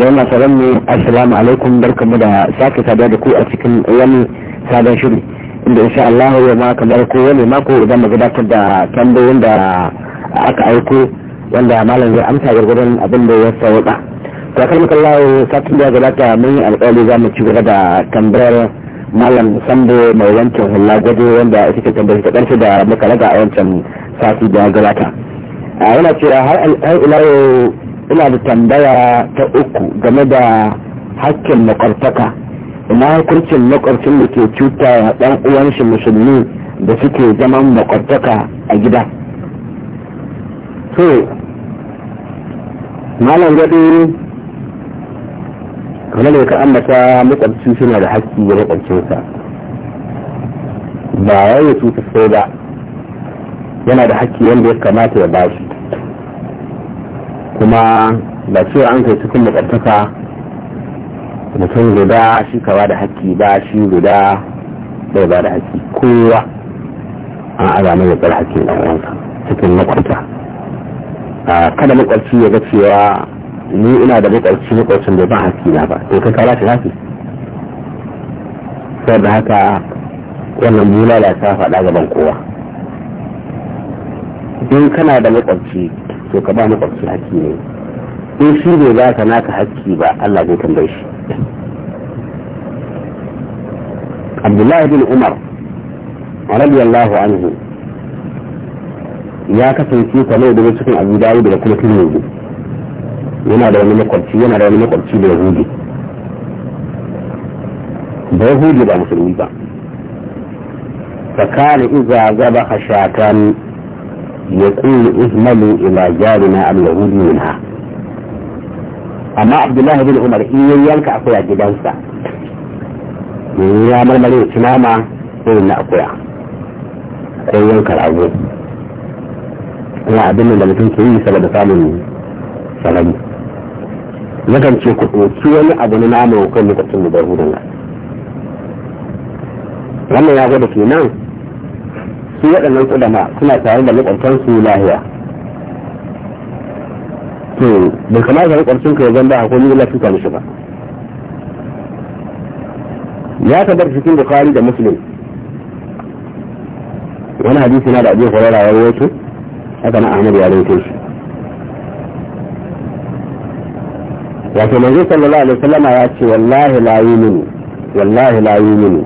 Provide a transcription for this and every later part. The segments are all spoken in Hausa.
yana masaran ne assalamu alaikum barkamu da sake saduwa da ku a cikin wani sabon shiri inda insha Allah ya ma kamar ko wani mako idan mu gabatar da tambayoyin da aka aiko wanda malam zai amsa gwargwadon abin da ya sauka ta kar mu kallawo satin da gabata mun yi alƙawari za mu ci gaba da tambayar malam sambo mai wancan hula gado wanda suke ce tambayar ta ƙarshe da muka raga a wancan sati da gabata a yana cewa har ila ina da tambaya ta uku game da hakkin makwabtaka ina hukuncin makwabcin da ke cuta dan uwan shi musulmi da suke zaman makwabtaka a gida to malam gadi kamar da ka ambata makwabci suna da haƙƙi ga makwabcinsa ba wai ya cuta sai ba yana da haƙƙi wanda ya kamata ya bashi kuma ba cewa an kai cikin makwabtaka mutum guda shi kawa da haƙƙi ba shi guda bai ba da haƙƙi kowa an azamai da tsar haƙƙin ɗan uwansa cikin makwabta kada makwarci ya ga cewa ni ina da makwarci makwarcin da ban haƙƙi na ba to kai kara shi haƙƙi da haka wannan da ta faɗa gaban kowa in kana da makwarci to ka ba makwabci haƙƙi ne in shi ne za ka naka haƙƙi ba Allah zai tambaye shi Abdullahi bin Umar radiyallahu anhu ya kasance ne daga cikin Abu Dawud daga kuma Tirmidhi yana da wani makwabci yana da wani makwabci da Yahudi da Yahudi ba musulmi ba fakana iza zaba khashatan يقول اهملوا الى جارنا اليهودي منها اما عبد الله بن عمر ان يلك اقويا جدانسا ya marmari da tunama irin na akuya ko yankar abu ina abin da mutum ke yi saboda samun salami yakan ce ci ɗauki wani abu na nama kan lokacin da bai ya gwada kenan su waɗannan ƙudama suna tare da su lahiya to bai kamata makwabcin ka kai zan ba hakuri illa tuka mishi ba ya bar cikin bukhari da muslim wani hadisi na da abin kwarara ya rawaito haka na ahmad ya rawaito shi wato manzo sallallahu alaihi wasallama ya ce wallahi la yuminu wallahi la yuminu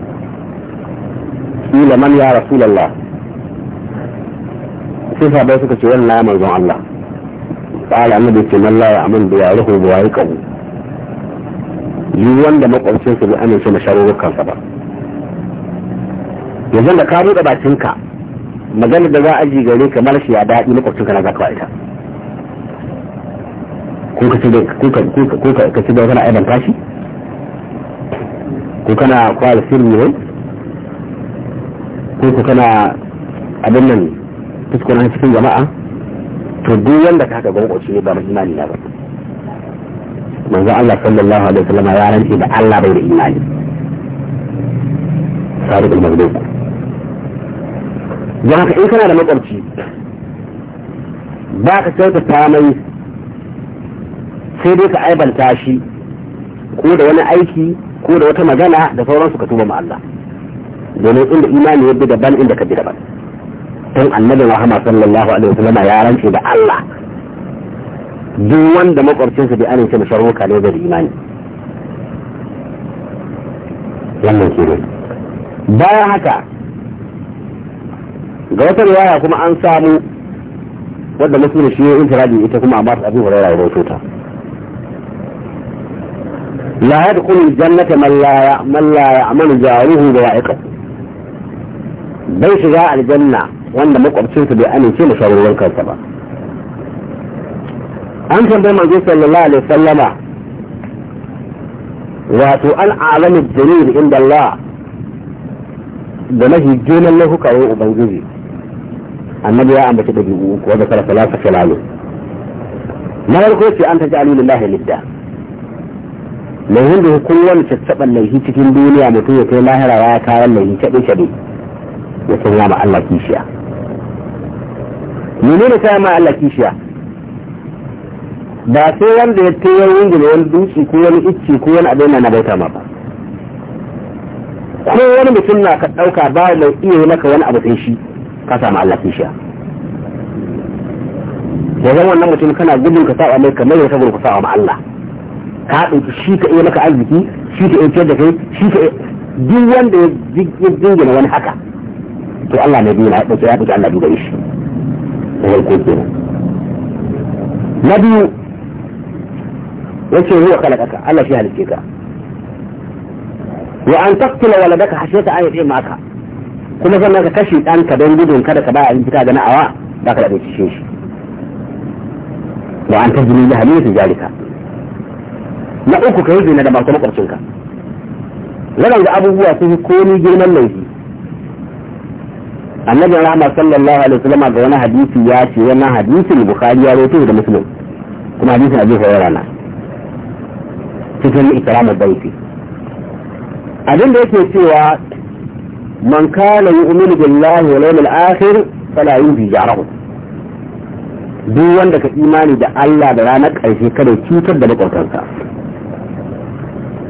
قيل man ya رسول sai sabai suka ce wallahi manzon Allah قال النبي صلى الله عليه وسلم بيعرفه بوارقه yi wanda makwabcinsa bai amince da sharurrukansa ba yanzu da ka buɗe bakinka maganar da za a ji gare ka mara shi ya daɗi ka na zakawa ita kun ka ci da kana aiban tashi ko kana kwara sirri ne, ko kana abin nan kuskure cikin jama'a to duk wanda ka ga ne ba mai imani na ba manzo Allah sallallahu alaihi wasallam ya rantsi da Allah bai da imani sadiq al-mazlum don haka in kana da makwabci ba ka ta mai sai dai ka aibanta shi ko da wani aiki ko da wata magana da sauransu ka tuba ma Allah domin inda imani ya bi daban inda ka bi daban tun annabi Muhammad sallallahu alaihi wasallam ya rance da Allah duk wanda makwabcinsa bai amince da sharruka ne da imani wannan ke bayan haka ga wata riwaya kuma an samu wadda musulmi shi ya intiradi ita kuma amma abin hurara ya rawaito ta لا يدخل jannata من لا من لا يأمن جاره بوائقه بيش جاء الجنة wanda makwabcinsa bai amince da shawarwar kansa ba an tambayi manzo sallallahu alaihi sallama wato an alami dalil inda Allah da mahi girman laifuka wa ubangiji annabi ya ambaci ɗabi'u uku wanda kala salasa filalu na farko ce an taji alilu lahi lidda laihin da hukumar caccaɓar laihi cikin duniya mutum ya kai lahirawa ya kayan laihi caɓe-caɓe ya sanya ma Allah kishiya menene ta ma Allah kishiya ba sai wanda ya ta yawan da wani dutse ko wani icce ko wani abin na bauta ma ba ko wani mutum na ka ɗauka ba mai iya yi maka wani abu sai shi ka samu Allah kishiya ya zama wannan mutum kana gudun ka sa'a mai kamar yadda ka ka sa'a ma Allah ka ɗauki shi ka iya maka arziki shi ka iya da kai shi ka duk wanda ya jingina wani haka to Allah ne biyu na ya ɗauki ya ɗauki Allah biyu shi farko kenan na biyu yace huwa khalaqaka Allah shi halice ka wa an taqtula waladaka hashiyata an yadi maka kuma sannan ka kashe ɗanka don gudun kada ka ba a fita ga na'awa ba ka da bai cishe shi wa an tajini da halittu jarika na uku ka yi zina da masu makwabcinka zanen ga abubuwa sun fi komi girman laifi annabin rahama sallallahu alaihi wasallam ga wani hadisi ya ce wannan hadisin bukhari ya rawaito da muslim kuma hadisin abu hurairah na cikin ikramu baiti abin da yake cewa man kana yu'minu billahi wal yawmil akhir fala yuzi jarahu duk wanda ka imani da Allah da ranar ƙarshe kada cutar da makwabtansa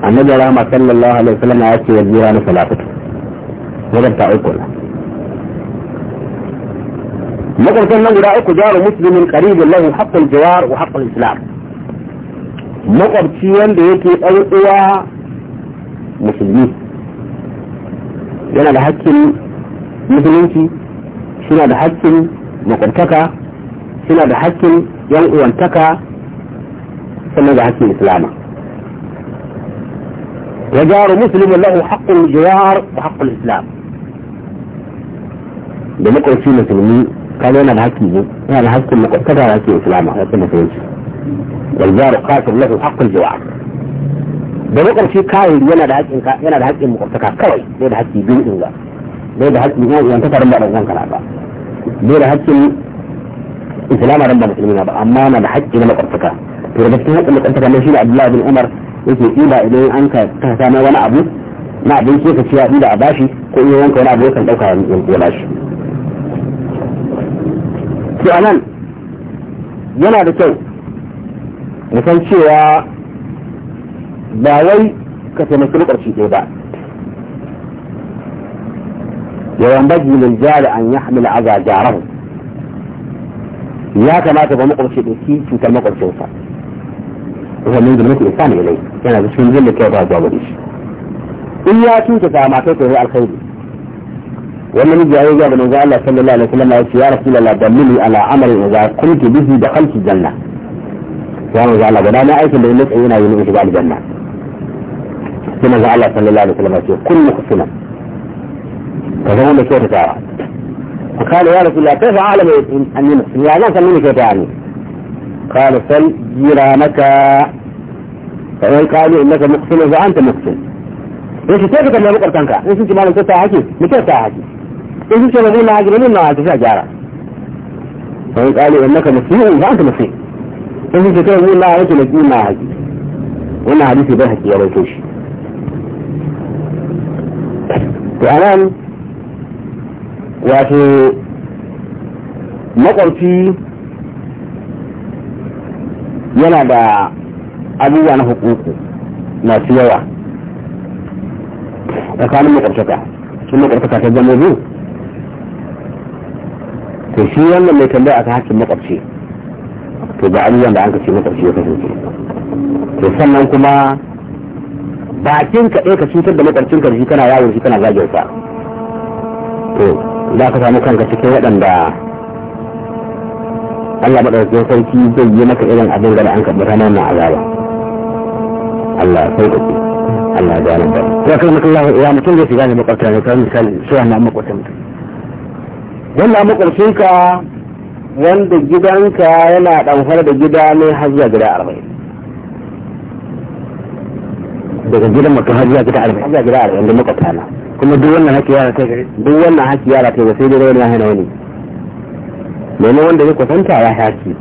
annabi rahama sallallahu alaihi wasallam ya ce wa jira na salatu wajen ta uku مثلا كان نقول جار مسلم قريب له حق الجوار وحق الإسلام مقبتيا بيكي ألقوا مسلمين يعني لحكي مسلمين شنا لحكي مقبتكا شنا لحكي ينقوا انتكا سنا لحكي إسلاما وجار مسلم له حق الجوار وحق الإسلام لمقبتيا مسلمين kaga yana da haƙƙi ne yana da haƙƙin makwabtaka da haƙƙin islama haƙƙin musulunci wal jaru qatil lahu haqqul jawab da makwabci kayan yana da haƙƙin yana da haƙƙin makwabtaka kawai bai da haƙƙi biyu din ga bai da haƙƙin yan uwan takarin ba da zan kana ba bai da haƙƙin islama ran ba musulmi ba amma yana da haƙƙi na makwabtaka to da cikin haƙƙin makwabtaka ne shi da Abdullahi bin Umar yake ila idan an ka ta samu wani abu na abin ke ka ciya ila a bashi ko in yanka wani abu kan dauka ya bashi to anan yana da kyau san cewa ba wai ka taimaki rukar shi ɗaya ba yawan baji lil jari an ya hamila aza jarahu ya kamata ba da ɗauki cutar makwabcinsa wannan da muke isa ne yana da cikin zai da kyau ba zuwa gare shi in ya cuta ta matar ta yi alkhairi wannan miji ya ga manzo Allah sallallahu alaihi wasallam ya ce ya rasulullah dalili ala amalin idza kuntu bihi dakhaltu janna ya manzo Allah da na aikin da nake yana yin shiga aljanna sai manzo Allah sallallahu alaihi wasallam ya ce kullu husna ka zama da kyautatawa فقال يا رسول الله كيف اعلم اني مسلم؟ يا الله سلمني كيف يعني؟ قال سل جيرانك فإن قالوا إنك مقسم فأنت مقسم. ليش كيف تبنى بكرة تنكا؟ ليش أنت ما لم تساعدك؟ لكيف تساعدك؟ in ce ba zai na gina nuna ta a gyara wani tsari wanda ka musu ba ka musu in ce kai nuna yake na nuna haƙi wannan hadisi bai haƙi ya rauke shi to a nan wato makwarci yana da abubuwa na hukuku masu yawa tsakanin makwabtaka sun ka ta zama biyu to shi wannan mai tambaya aka hakkin makwabci to ga abubuwan da an ce makwabci ya kasance to sannan kuma bakin ka ka cutar da makwabcin ka shi kana yawon shi kana zagin sa to za ka samu kanka cikin waɗanda Allah maɗaukakin sarki zai yi maka irin abin da an karɓi ranar na azaba Allah sai ka Allah ya gane ba. Ya kai maka Allah ya mutum zai shiga ne makwabta ne kawai misali shi wannan makwabta mutum. wannan makwabcinka wanda gidanka yana ɗanfar da gida ne har zuwa gida arba'in daga gidan mutum har zuwa gida arba'in har zuwa gida arba'in da makwabta na kuma duk wannan haki yara ta gari duk wannan haki yara ta sai dai wani hana wani domin wanda ya kusanta ya haki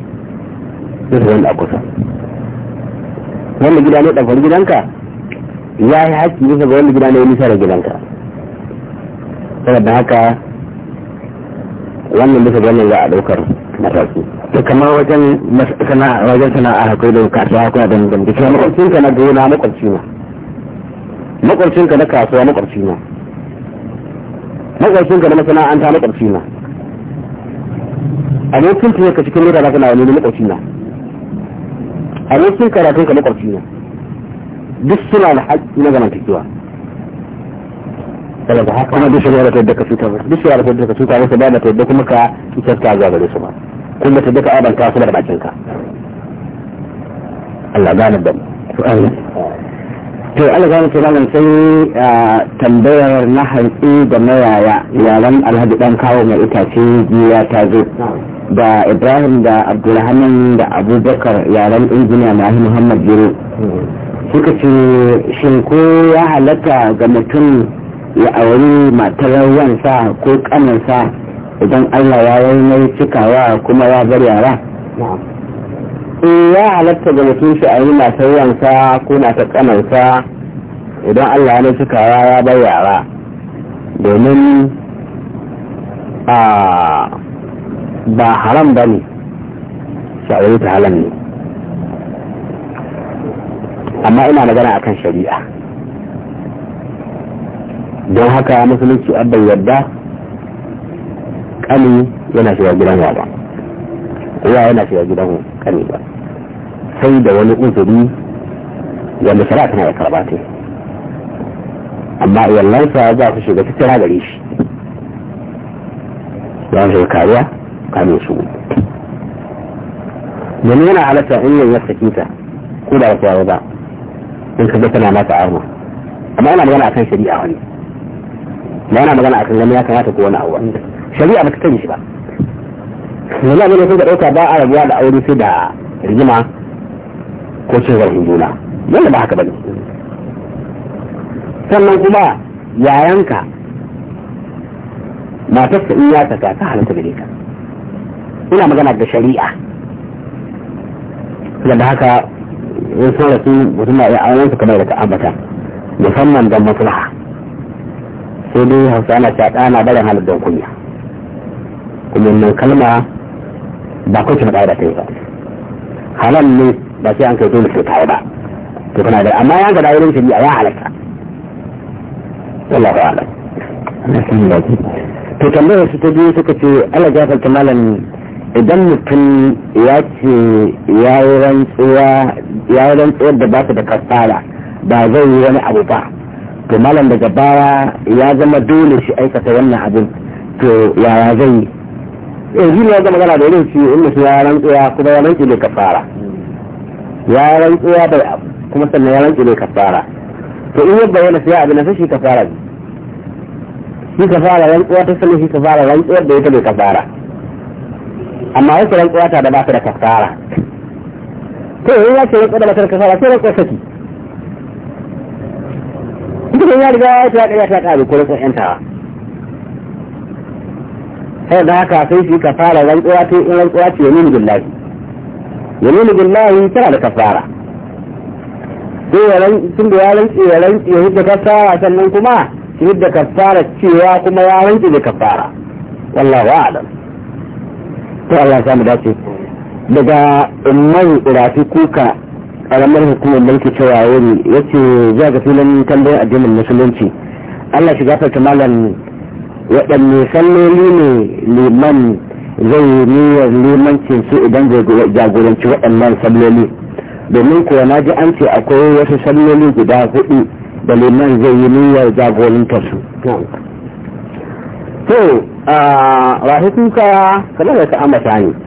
sai su wanda a kusa wanda gida ne ɗanfar gidanka ya yi haki bisa ga wanda gida ne nisa da gidanka saboda haka wannan bisa ga wannan za a daukar mataki to kamar wajen sana'a wajen a akwai da kasuwa kuna da da kuma makwabcin ka na gona makwabci na makwabcin ka na kasuwa makwabci na makwabcin ka na masana'anta makwabci ne a lokacin ka cikin mutane kana wani makwabci na abokin karatun ka makwabci na duk suna da haƙƙi na zamantakewa saboda haka kuma duk shari'a ta yadda ka cuta musu duk shari'a ta yadda ka cuta musu ba ta yadda kuma ka kyauta zuwa gare su ba kun ba ta yadda ka abanta su da bakin ka Allah gane da to Allah gane to nan sai tambayar na hantsi da mayaya yaran Alhaji dan kawo mai itace jiya ta zo da Ibrahim da Abdulrahman da Abubakar yaran injiniya Mahi Muhammad Jiro suka ce shin ko ya halatta ga mutum ya auri matar wansa ko kanansa idan Allah ya yi mai cikawa kuma ya bar yara eh, ya halatta da mutum shi a yi matar wansa ko ta kanansa idan Allah ya mai cikawa ya bar yara domin ah, ba haram ba ne sha'awar ta halar ne amma ina magana akan shari'a don haka musulunci abban yadda kani yana shiga gidan wa ba uwa yana shiga gidan kani ba sai da wani uzuri wanda shara tana ya karba ta amma iyalansa za su shiga tattara gare shi za su shiga kariya kame su domin yana halatta in yayin saki ta ko da ba ba in ka ga tana masa arma amma yana magana akan shari'a wani ba yana magana a kan gani ya kamata ko wani abu shari'a ba ta sani shi ba yanzu abin da suka ɗauka ba a rabuwa da aure sai da rigima ko cin zarafin juna yadda ba haka ba ne sannan kuma yayanka matarsa in ya saka ta halatta gare ka ina magana da shari'a da haka in sun rasu mutum na iya auren su kamar da ka ambata musamman don maslaha ko dai hausa na ta ɗana barin halar don kunya kuma nan kalma ba ko kina da ta yi ba halal ne ba sai an kai dole sai ta yi ba to kana da amma ya ga da wurin shari'a ya halatta wallahu a'lam to tambayar su ta biyu suka ce ala jafar ta malam idan mutum ya ce ya yi rantsuwa da ba su da kasala ba zai yi wani abu ba to malam daga baya ya zama dole shi aikata wannan abin to yaya zai yi yanzu eh, ne da irin shi ya kuma ya rantsu ne kafara ya kuma sannan ya rantsu ne kafara to in abin shi kafara ne shi kafara rantsuwa ta shi kafara rantsuwa da ita kafara amma wasu rantsuwa ta da ba su da kafara to ya ce rantsuwa da ba su da kafara sai rantsuwa saki idan ya riga ya ta ya ta ta ko rasa yanta sai da haka sai shi ka fara rantsuwa ta in rantsuwa ce yamin billahi yamin billahi tana da kafara sai ya rantsun da ya rantsi ya rantsi ya hidda kafara sannan kuma shi hidda kafara cewa kuma ya rantsi da kafara wa a'lam to Allah ya samu dace daga umman irafi kuka karamar hukumar mulki cewa wuri ya ce za ga filin tambayin addinin musulunci allah shiga gafarta malam waɗanne salloli ne liman zai niyyar limancin su idan zai jagoranci waɗannan salloli domin kuwa na ji an ce akwai wasu salloli guda hudu da liman zai yi niyyar jagorantar su to a rahitunka kamar da ta amata ne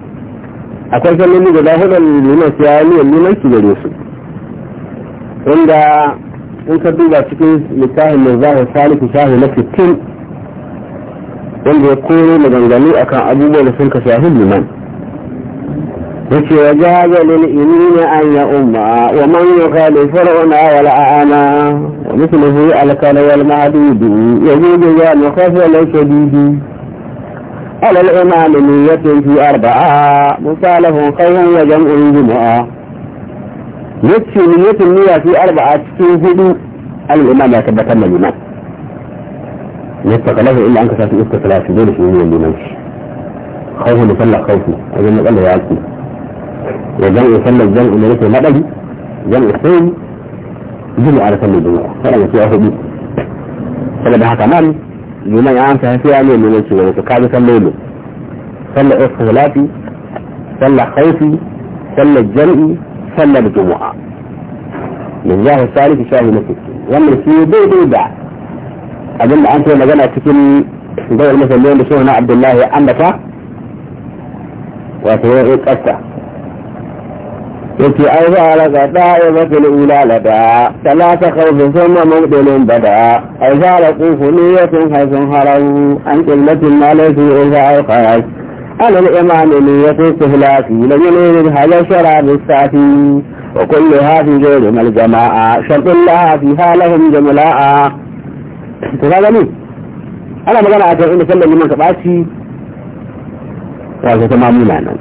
akwai salloli guda hudun liman su ya a liman su gare su wanda in ka duba cikin littafin da za ka saliku shahi na fitin wanda ya koro maganganu kan abubuwan da sun ka shahi liman a wa jaza lil imina a yi umma wa man yuqalu fir'auna wal a'ama wa mithluhu al-kana wal ma'dud yajuzu ya mukhafa la biyu. على الإمام نية في أربعة مصالح خير وجمع جمعة يكفي نية النية في أربعة تكون الإمام الإمام يتبتم الإمام نصف له إلا أنك ساتي أسكى ثلاثة دول في نية الإمام خوفه لسلة خوفه أجل نقل له يا يعطي وجمع سلة الجمع نية مدني جمع خير جمع على سلة الجمعة فلا يكفي بي فلا بها بحكمان جمعي عام تهفي عليهم من الشيء ولو يعني تقعد صلي له صلى إصغلاتي صلى خوفي صلى الجمعي صلى الجمعة من جاه الثالث شاهي نفسك يمر فيه دي دي دع أجل عن شيء مجانا تكن دور مثل اليوم بشهنا عبد الله أمتا وتوقيت أكثر إيه yake ai ba raka ɗaya mafi ula lada talata kawai sun ma mabdalin bada ai za a kufu ne ya sun haisun harawu an ƙillatin malaisu in za a yi karas alal imani ne ya sun kuhulati da yanayin halar shara da safi wa kulle hafi zai mal jama'a sharɗin lahafi halahin jamula'a to ka gani ana magana a kan inda sallan liman ka ɓaci wato ta mamuna nan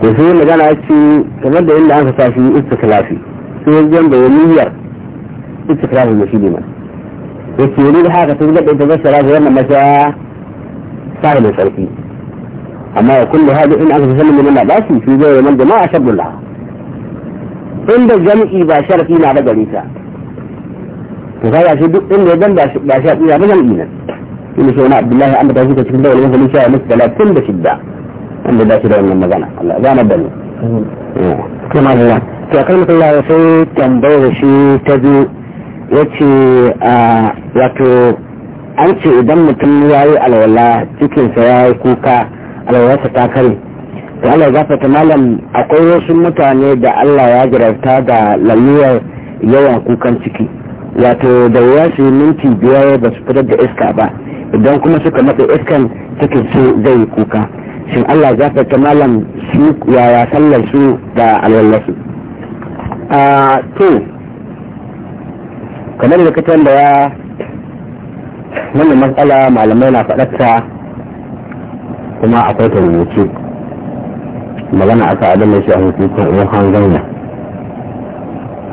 to sai magana ce kamar da inda aka sashi istiklafi sai wajen da niyyar istiklafi da shi ne yake yi da haka sun gaɗe ta zashara da wannan masha sahi mai sarki amma ya kulle hadu in aka fi sanin da ba shi shi zai yaman ma a la inda jami'i ba sharafi na da gare ta to kaga shi duk inda ya dan ba sharafi na da jami'i nan shi ne shi wani abdullahi an da ta shi ta cikin dawalin hulun sha wani talatin da shidda wanda dace da wannan magana Allah gane da mu kuma ne ya a kalmar Allah ya sai da shi ta biyu yace a wato an ce idan mutum ya yi alwala cikinsa ya yi kuka alwalarsa ta kare to Allah ya gafarta malam akwai wasu mutane da Allah ya jirarta da lalurar yawan kukan ciki wato da ya su minti biyar ba su fitar da iska ba idan kuma suka matsa iskan cikin su zai yi kuka shin Allah za ka malam su yaya sallar su da alwallasu a to kamar da kacan da ya wannan matsala malamai na faɗarta kuma akwai ta rubuce magana aka adana shi a hukuncin uwan hanganya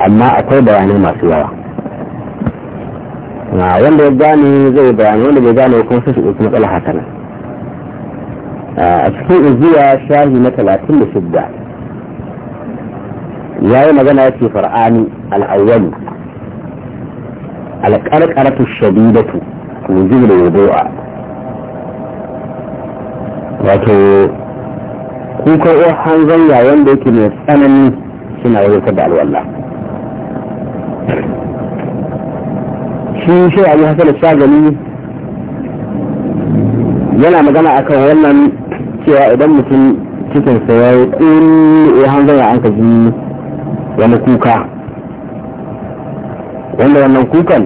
amma akwai bayanai masu yawa na wanda ya gane zai bayanai wanda bai gane kuma sai su ɗauki matsala hakanan a cikin izuwa shahi na talatin da shidda ya yi magana ya ce far'ani al'awwali alƙarƙaratu shadidatu wujubu da wudu'a wato kukan uwar hanzon yayin da yake mai tsanani suna yi da alwallah shi shi abu hasan shagali yana magana akan wannan cewa idan mutum cikinsa ya yi tsiri ya an ji wani kuka wanda wannan kukan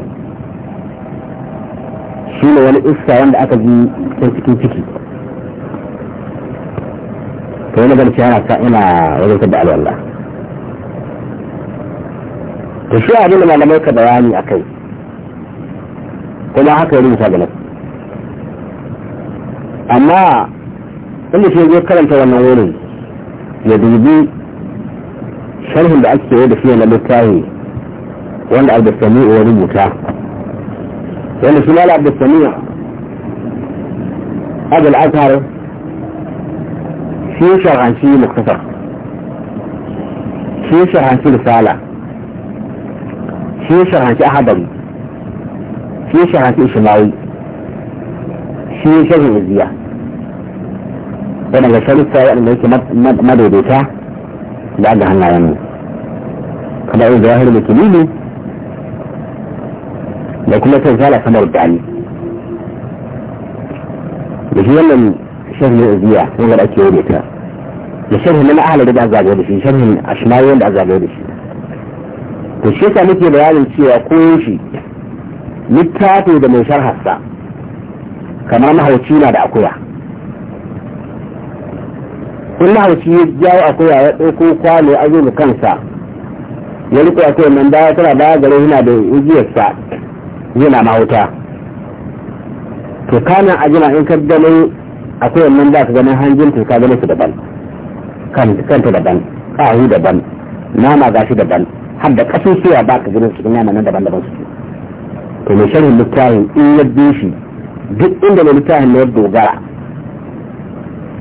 shi ne wani iska wanda aka ji can cikin ciki to wani garci yana sa ina wajen da alwallah to shi a nuna malamai ka bayani a kai kuma haka yi rubuta ga amma inda shi zai karanta wannan wurin ya dubi sharhin da ake yi da shi na littafi wanda abdulsami'u ya rubuta wanda shi mala abdulsami'u abul azhar shi shahanci muktasar shi shahanci risala shi shahanci ahadari shi shahanci ishmawi shi shahin ziya yana da sharuɗa waɗanda yake madaidaita da aga hannayen mu kada yin zahir da kilili da kuma sai zala kamar dani da shi wannan sharhin aziya wanda da ke yi ta da sharhin na ahalar da zagaye da shi sharhin ashmawi da zagaye da shi to shi yasa muke bayanin cewa ko shi littafi da mai sharhar sa kamar mahauci na da akuya in mahauci ya jawo akuya ya ɗauko kwano a zuwa kansa ya riko akwai nan baya tana baya gare yana da ujiyarsa yana mahauta to kana a jina in ka gano akwai nan ba ka gano hanjin to ka gano su daban kanta daban ƙahu daban nama gashi daban har da ƙasusuwa ba ka gano su nama nan daban daban su to mai sharhin littafin in ya shi duk inda mai littafin na ya dogara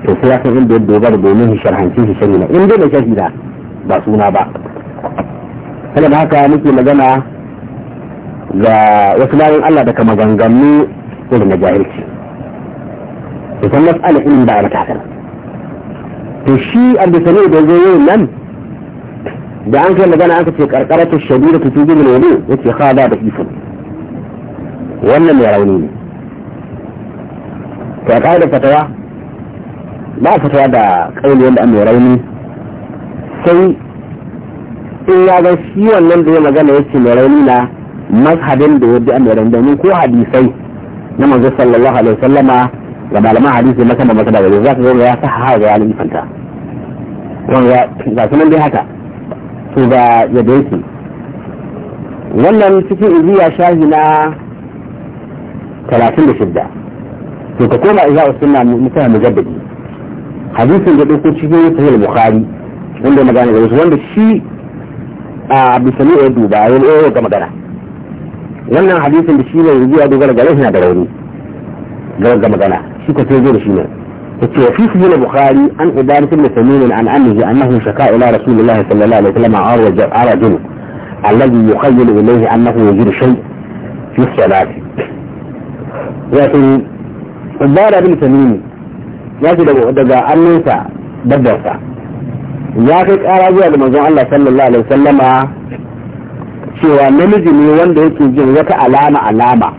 to sai ya san inda ya dogara domin shi sharhanci shi shari'a in dai bai shashi da ba suna ba kada da haka muke magana ga wasu bayan Allah da daga maganganu irin na jahilci to san mas'ala ilmin ba a matakan to shi abdusani da zai yi nan da an kai magana aka ce karkarar ta shadida ta tuji da lodo ya ce ha da ifin wannan mai rauni ne ta da fatawa ba a fitowa da kaini wanda an mai rauni sai in ya ga shi wannan da ya magana yake mai rauni na mazhabin da yadda an mai domin ko hadisai na manzo sallallahu alaihi wasallama ga malaman hadisi maka da maka da wajen za ka zo ya saha ga ya alifanta ya ga sunan dai haka to ga yadda yake wannan cikin ya shahi na talatin da shidda to ka koma iza usunna mutane mujaddadi hadisin da ɗauko cikin sahih bukhari wanda magana da wasu wanda shi a abdulsami ya duba ya yi ga magana wannan hadisin da shi ne yanzu ya dogara gare shi na da rauni ga magana shi ko sai da shi ne yace fi sahih bukhari an ibn ibn samin an annahu annahu shaka ila rasulullah sallallahu alaihi wasallam arwaj arajul alladhi yukhayyal ilayhi annahu yajidu shay fi salati yace ibn ibn samin ya ce daga annunsa dabbarsa ya kai kara zuwa da mazan Allah sallallahu alaihi wasallama cewa namiji ne wanda yake jin wata alama alama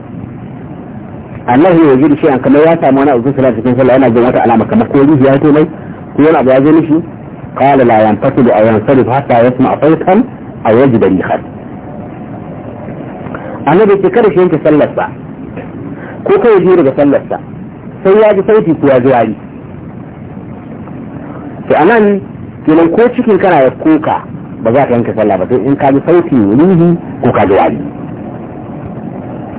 Allah ya yi shi an kama ya samu wani abu sallallahu cikin sallah yana jin wata alama kamar ko ruhi ya to mai ko wani abu ya nishi mishi qala la yanfasidu ayan sarif hatta yasma saytan aw yajida rihan annabi ce kada shi yanke sallarsa ko kai ji daga sallarsa sai ya ji sauti ko ya ji to nan kenan ko cikin kana ya kuka ba za ka yanka sallah ba sai in ka ji sauti ruhi ko ka ji wani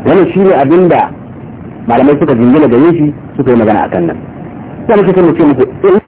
wannan ne abin da malamai suka jingina da yin shi suka yi magana a kan nan sai muke mutum ko